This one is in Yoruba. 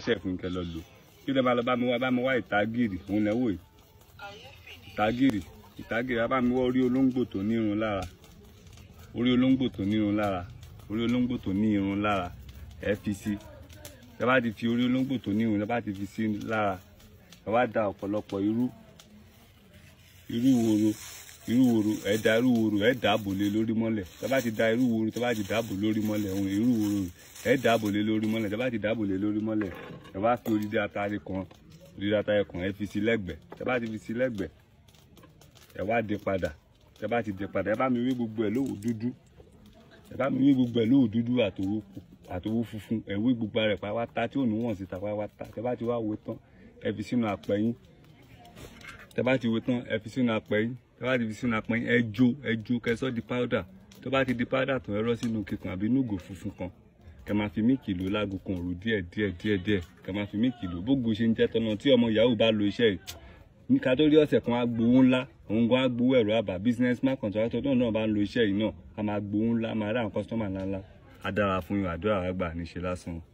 ẹsẹ̀ fún kẹ lọ lò kí lè máa lọ bá mi wá bá mi wá ìtagìrì òun lẹ́wọ̀ yìí ìtagìrì ìtagìrì bá mi wá orí olóńgbò tó ní irun lára orí olóńgbò tó ní irun lára orí olóńgbò tó ní irun lára ẹ fi sí ẹ bá ti fi orí olóńgbò tó ní irun ẹ bá ti fi sí lára ẹ wá da ọ̀pọ̀lọpọ̀ irú irú woro irúworo ẹ da irúworo ẹ dàbò lé lórí mọ́lẹ̀ tá bá ti da irúworo tá bá ti dàbò lórí mọ́lẹ̀ òun irúworo ẹ dàbò lé lórí mọ́lẹ̀ tá bá ti dàbò lé lórí mọ́lẹ̀ ẹ wá fi odidi atare kan odidi atare kan ẹ fi sí lẹ́gbẹ̀ẹ́ tá bá ti fi sí lẹ́gbẹ̀ẹ́ ẹ wá dé padà tá bá ti dé padà ẹ bá mi wí gbogbo ẹ lówó dúdú ẹ bá mi wí gbogbo ẹ lówó dúdú àtòwó àtòwó funfun ẹ wí gbogbo rẹ pàápàá tá tí ò ní wọ̀n tẹ bá ti wo tán ẹ fi sínú apẹ yín tẹ bá ti fi sínú apẹ yín ẹ jó ẹ jó kẹ sọ di powder tó bá ti di powder tán ẹ rọ sínú kíkan àbí núgò funfun kan kẹ máa fi míìkì lò láago kan òru díẹ̀ díẹ̀ díẹ̀ díẹ̀ kẹ máa fi míìkì lò bógo ṣe ń jẹ tọnà tí ọmọ yahoo bá lo iṣẹ́ yìí ká tó rí ọ̀sẹ̀ kan á gbowó ńlá òun gan á gbowó ẹ̀rọ àbá business man contractor náà náà bá ń lo iṣẹ́ yìí náà a máa gbowó ńlá máa rà àwọn customer ńláńlá á dára fún yín àdúrà àgbà níṣe lásán.